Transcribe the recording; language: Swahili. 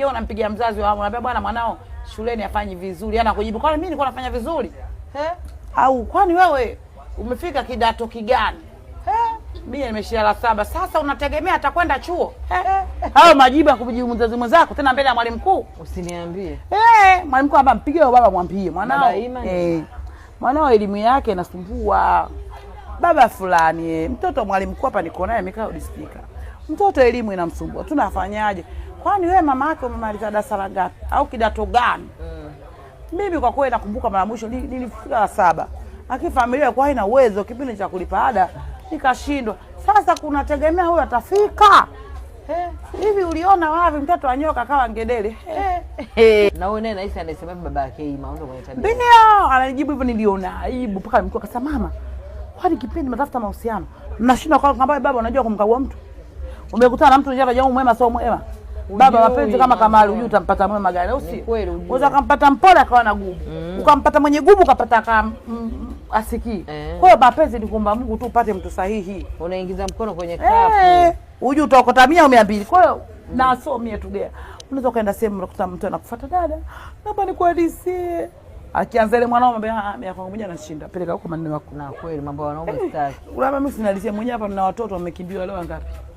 yeye unampigia mzazi wao, unaambia bwana, mwanao shuleni afanyi vizuri, ana kujibu kwani mimi nilikuwa nafanya vizuri eh? Au kwani wewe umefika kidato kigani eh? Mimi nimeshia la saba, sasa unategemea atakwenda chuo eh? Hayo majibu ya kujibu mzazi mwenzako tena mbele ya mwalimu mkuu, usiniambie eh. Mwalimu mkuu hapa, mpigie baba, mwambie mwanao eh, mwanao elimu yake inasumbua baba fulani eh. Mtoto mwalimu mkuu hapa niko naye amekaa udispika Mtoto elimu inamsumbua, tunafanyaje? Kwani wewe mama yake umemaliza darasa la ngapi au kidato gani? Mm. Mimi kwa kweli nakumbuka mara mwisho nilifika la saba, lakini familia ilikuwa haina uwezo kipindi cha kulipa ada, nikashindwa. Sasa kunategemea huyo atafika hivi? Uliona wapi mtoto anyoka kawa ngedele? na anajibu naye hivyo. Niliona aibu mpaka nilikuwa kasa, mama, kwani kipindi mnatafuta mahusiano mnashindwa kwa sababu baba unajua kumkagua mtu Umekutana na mtu unajua kaja mwema sio mwema. Baba mapenzi kama Kamali unajua utampata mwema gani au si? Unaweza kumpata mpole akawa na gumu. Mm. Ukampata mwenye gumu ukapata kama mm, mm, asikii. Eh. Kwa hiyo mapenzi ni kuomba Mungu tu upate mtu sahihi. Unaingiza mkono kwenye eh, kapu. Eh. utaokota 100 au 200. Kwa hiyo na so 100 tugea. Unaweza kaenda sehemu unakuta mtu anakufuata dada. Naomba nikuhadisie. Akianza ile mwanao mambo haya ah, mimi kwangu mwenyewe anashinda. Peleka huko maneno yako. Na kweli mambo ya wanaume eh, sitaki. Ulama mimi sinalisia mwenyewe hapa nina watoto wamekimbia leo ngapi?